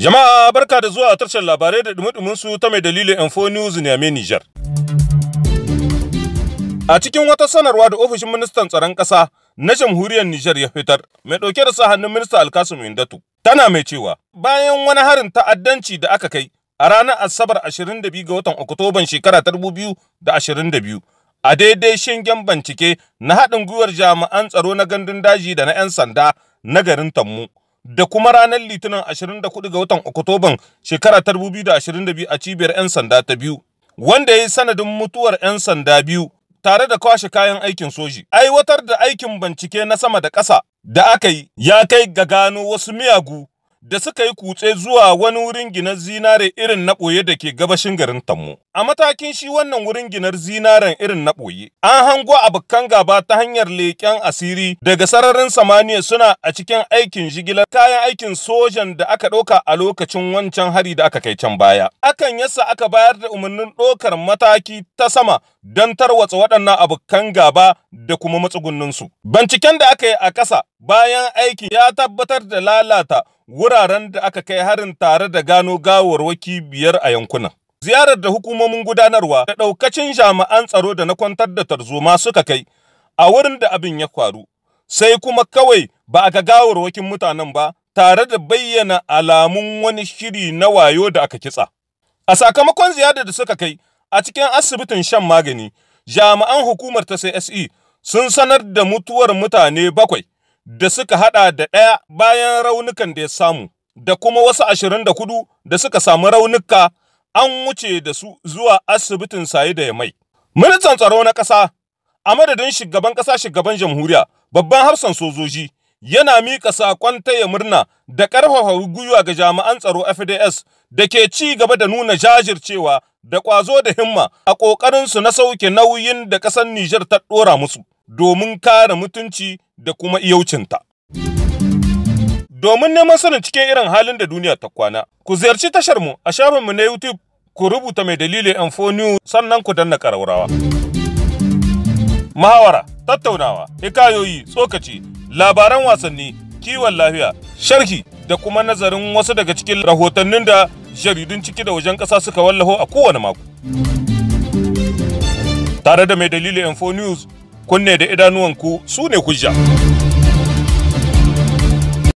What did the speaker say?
Jama'a barka da zuwa a tashar labarai da dumi su ta mai dalilin Info News Niamey Niger. A cikin wata sanarwa da ofishin ministan tsaron ƙasa na jamhuriyar Niger ya fitar, mai ɗauke da sa hannun minista Alkasum Indatu, tana mai cewa bayan wani harin ta'addanci da aka kai a ranar Asabar 22 ga watan Oktoban shekara ta 2022 a daidai shingen bincike na haɗin gwiwar jami'an tsaro na gandun daji da na 'yan sanda na garin Tammu. da kuma ranar Litinin 24 ga watan Oktoban shekara 2022 a cibiyar 'yan sanda ta biyu, wanda ya yi sanadin mutuwar 'yan sanda biyu tare da kwashe kayan aikin soji. Aiwatar da aikin bincike na sama da ƙasa da aka yi ya kai ga gano wasu miyagu da suka yi kutse zuwa wani wurin ginar zinare irin na ɓoye da ke gabashin garin tamu. A matakin shi wannan wurin ginar zinaren irin na ɓoye, an hango abokan gaba ta hanyar leƙen asiri daga sararin samaniya suna a cikin aikin jigilar kayan aikin sojan da aka ɗauka a lokacin wancan hari da aka kai can baya. Akan yasa aka bayar da umarnin ɗaukar mataki ta sama don tarwatsa waɗannan abokan gaba da kuma matsugunninsu. Binciken da aka yi a ƙasa bayan aiki ya tabbatar da lalata wuraren da aka kai harin tare da gano gawarwaki biyar a yankunan. Ziyarar da hukumomin gudanarwa da ɗaukacin jami'an tsaro da na kwantar da tarzoma suka kai a wurin da abin ya faru, sai kuma kawai ba a ga gawarwakin mutanen ba tare da bayyana alamun wani shiri na wayo da aka kitsa. A sakamakon ziyarar da suka kai, A cikin asibitin shan magani, jami'an hukumar ta CSE sun sanar da mutuwar mutane bakwai da suka hada da ɗaya bayan raunukan da ya samu, da kuma wasu ashirin da kudu da suka samu raunuka an wuce da su zuwa asibitin saye da ya mai. Ministan tsaro na ƙasa, a madadin shugaban ƙasa shugaban jamhuriya, babban hafsan sojoji, yana miƙa saƙon taya murna da ƙarfafa gwiwa ga jami'an tsaro FDS da ke ci gaba da nuna jajircewa da ƙwazo da himma a ƙoƙarinsu na sauke nauyin da ƙasar Nijar ta ɗora musu domin kare mutunci da kuma iyaucinta. Domin neman sanin cikin irin halin da duniya ta kwana, ku ziyarci tashar mu a shafinmu na YouTube ku rubuta mai dalilin Info News sannan ku danna ƙaraurawa. Mahawara, tattaunawa, hikayoyi, tsokaci, labaran wasanni, kiwon lafiya, sharhi da kuma nazarin wasu daga cikin rahotannin da jaridun ciki da wajen ƙasa suka wallaho a kowane mako. Tare da mai dalilin Info News, kunne da idanuwanku su ne hujja.